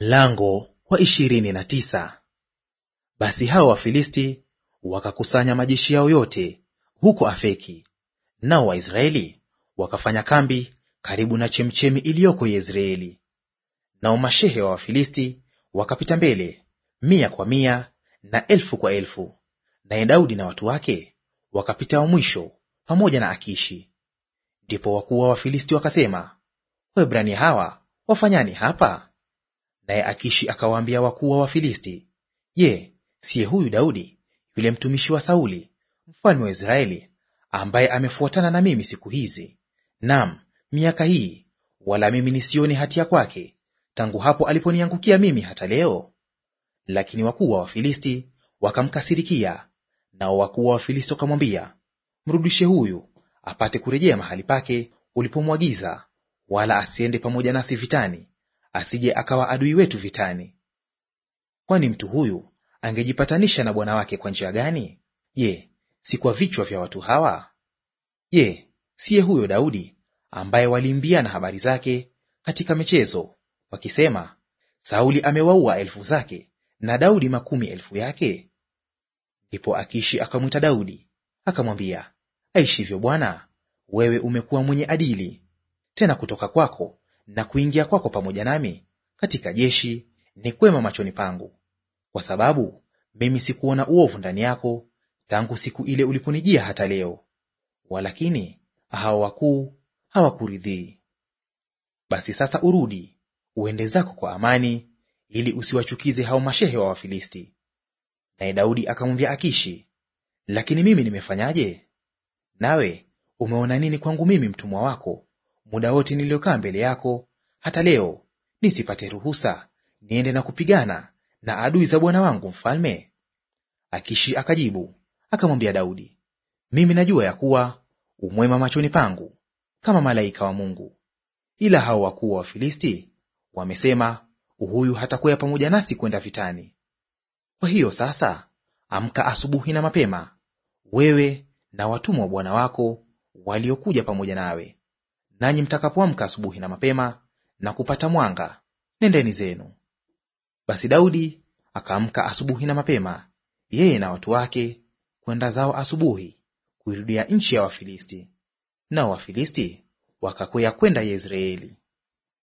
Mlango wa ishirini na tisa. Basi hao Wafilisti wakakusanya majeshi yao yote huko Afeki, nao Waisraeli wakafanya kambi karibu na chemchemi iliyoko Yezreeli. Nao mashehe wa Wafilisti wakapita mbele mia kwa mia na elfu kwa elfu, naye Daudi na watu wake wakapita wa mwisho pamoja na Akishi. Ndipo wakuu wa Wafilisti wakasema, Waebrania hawa wafanyani hapa? Naye Akishi akawaambia wakuu wa Wafilisti, Je, siye huyu Daudi yule mtumishi wa Sauli mfalme wa Israeli, ambaye amefuatana na mimi siku hizi, nam miaka hii, wala mimi nisione hatia kwake tangu hapo aliponiangukia mimi hata leo? Lakini wakuu wa Wafilisti wakamkasirikia, nao wakuu wa Wafilisti wakamwambia, mrudishe huyu apate kurejea mahali pake ulipomwagiza, wala asiende pamoja nasi vitani, asije akawa adui wetu vitani. Kwani mtu huyu angejipatanisha na bwana wake kwa njia gani? Je, si kwa vichwa vya watu hawa? Je, siye huyo Daudi ambaye walimbiana habari zake katika michezo wakisema, Sauli amewaua elfu zake na Daudi makumi elfu yake? Ndipo Akishi akamwita Daudi akamwambia, aishivyo Bwana, wewe umekuwa mwenye adili, tena kutoka kwako na kuingia kwako pamoja nami katika jeshi ni kwema machoni pangu, kwa sababu mimi sikuona uovu ndani yako tangu siku ile uliponijia hata leo, walakini hao wakuu hawakuridhii. Basi sasa urudi uende zako kwa amani, ili usiwachukize hao mashehe wa Wafilisti. Naye Daudi akamwambia Akishi, lakini mimi nimefanyaje? Nawe umeona nini kwangu mimi mtumwa wako muda wote niliyokaa mbele yako hata leo, nisipate ruhusa niende na kupigana na adui za bwana wangu mfalme? Akishi akajibu akamwambia Daudi, mimi najua ya kuwa umwema machoni pangu kama malaika wa Mungu, ila hao wakuu wa Wafilisti wamesema, huyu hatakwea pamoja nasi kwenda vitani. Kwa hiyo sasa, amka asubuhi na mapema, wewe na watumwa wa bwana wako waliokuja pamoja nawe, Nanyi mtakapoamka asubuhi na mapema na kupata mwanga, nendeni zenu. Basi Daudi akaamka asubuhi na mapema, yeye na watu wake, kwenda zao asubuhi kuirudia nchi ya Wafilisti. Nao Wafilisti wakakwea kwenda Yezreeli.